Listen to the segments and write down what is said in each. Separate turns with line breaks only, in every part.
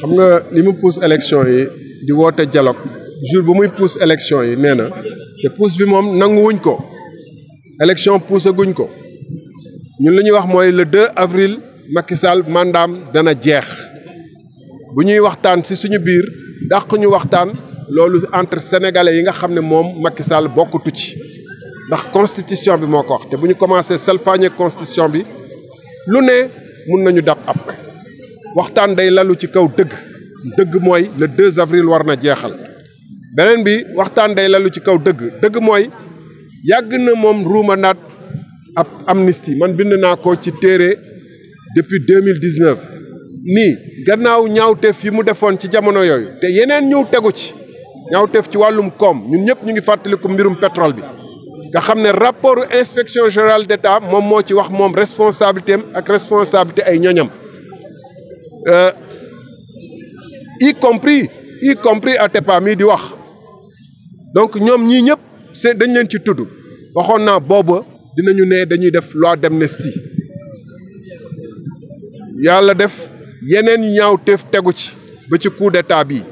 xam nga li mu pousse élection yi di woote dialogue jour bu muy pousse élection yi nee na te pousse bi moom nangu ko élection pousse guñ ko ñun li ñuy wax mooy le 2 avril Macky Sall mandaam dana jeex bu ñuy waxtaan si suñu biir dàq ñu waxtaan loolu entre sénégalais yi nga xam ne moom Macky Sall bokkatu ci ndax constitution bi moo ko wax te bu ñu commencé salfaañe constitution bi lu ne mun nañu dab ab waxtaan day lalu ci kaw dëgg dëgg mooy le 2 avril war na jeexal beneen bi waxtaan day lalu ci kaw dëgg dëgg mooy yàgg na moom ruuma naat ab amnistie man bind naa ko ci téere depuis 2019 nii gannaaw ñaawteef yi mu defoon ci jamono yooyu te yeneen ñëw tegu ci ñaawteef ci wàllum koom ñun ñëpp ñu ngi fàttaliku mbirum pétrole bi nga xam ne rapport inspection générale d'État moom moo ci wax moom responsabilité am ak responsabilité ay ñoñam euh, y compris y compris Atepa mii di wax donc ñoom ñii ñëpp seen dañ leen ci tudd waxoon naa booba dinañu ne dañuy def loi d'amnistie yàlla def yeneen ñaaw teef tegu ci ba ci coup d'état bii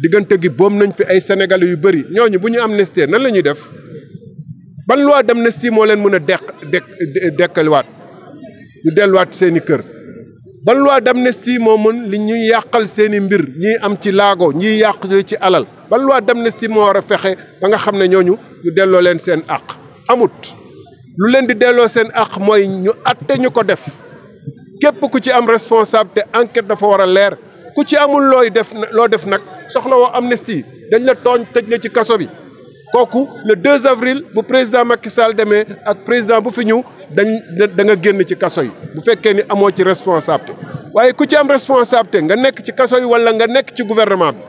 diggante gi boobu nañ fi ay sénégalais yu bëri ñooñu bu ñu amnistie nan la ñuy def ban loi d'amnistie moo leen mën a dekk dekk dekkaliwaat ñu delluwaat seeni kër ba loi d'amnistie moo mën li ñuy yàqal seen i mbir ñii am ci laago ñii yàq ci alal ba loi d'amnistie moo war a fexe ba nga xam ne ñooñu ñu delloo leen seen àq amut lu leen di delloo seen àq mooy ñu atte ñu ko def képp ku ci am responsable te enquête dafa war a leer ku ci amul looy def loo def nag soxla woo amnistie dañ la tooñ tëj la ci kaso bi kooku le 2 avril bu président Macky Sall demee ak président bu fi ñëw dañ da nga génn ci kaso yi bu fekkee ni amoo ci responsabilité waaye ku ci am responsabilité nga nekk ci kaso yi wala nga nekk ci gouvernement bi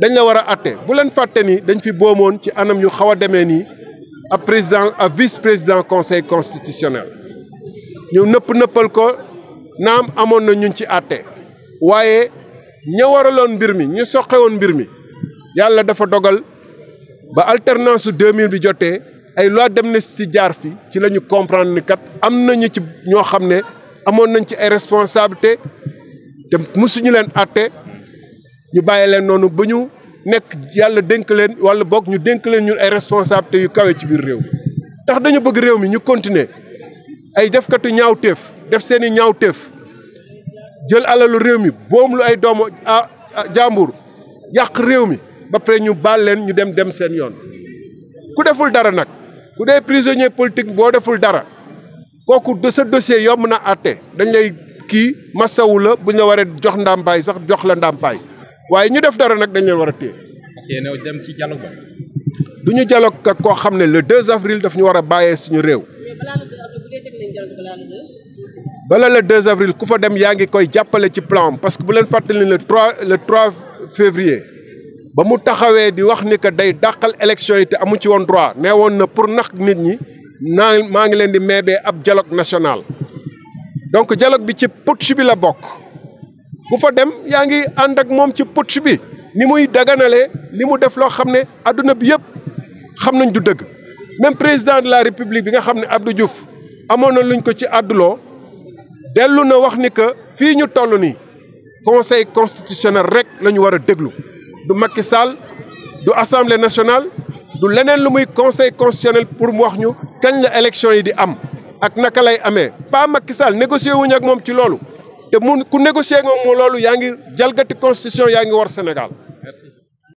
dañ la war a atte bu leen fàtte ni dañ fi boomoon ci anam yu xaw a demee nii ab président a vice président conseil constitutionnel ñu nëpp nëppal ko naam amoon na ñun ci atte waaye ña waraloon mbir mi ñu soqewoon mbir mi yàlla dafa dogal ba alternance su 2000 bi jotee ay dem loi si jaar fi ci lañu ñu comprendre kat am nañu ci ñoo xam ne amoon nañu ci ay responsabilité te musuñu leen àtte ñu bàyyi leen noonu ba ñu nekk yàlla dénk leen wala boog ñu dénk leen ñun ay responsabilités yu kawe ci biir réew mi ndax dañu bëgg réew mi ñu continuer ay defkatu ñaawteef def seen i ñaawteef jël alalu réew mi boom lu ay a ah, ah, jàmbur yàq réew mi ba ñu baal leen ñu dem dem seen yoon ku deful dara nag ku dee prisonnier politique boo deful dara kooku de sa dossier yomb na àtte dañ lay kii masawu la bu ñu waree jox ndàmpaay sax jox la ndàmpaay waaye ñu def dara nag dañu leen war a téye. parce que ci dialogue du ñu dialogue ak koo xam ne le 2 avril daf ñu war a bàyyee suñu réew. bala le 2 avril ku fa dem yaa ngi koy jàppale ci plan parce que bu leen fàttali le 3 le trois février. ba mu taxawee di wax ni que day dàqal élection yi te amuñ ci woon droit nee woon na pour nax nit ñi naa maa ngi leen di meebee ab dialogue national donc dialogue bi ci putsch bi la bokk ku fa dem yaa ngi ànd ak moom ci putsch bi ni muy daganalee li mu def loo xam ne àdduna bi yëpp xam nañ du dëgg même président de la république bi nga xam ne Abdou Diouf amoon na luñ ko ci àdduloo dellu na wax ni que fii ñu toll nii conseil constitutionnel rek la ñu war a déglu du Macky Sall du assemblée nationale du leneen lu muy conseil constitutionnel pour mu wax ñu kañ la élection yi di am ak naka lay amee pas Macky Sall négocier wuñu ak moom ci loolu te mun ku négocier moom loolu yaa ngi jalgati constitution yaa ngi war Sénégal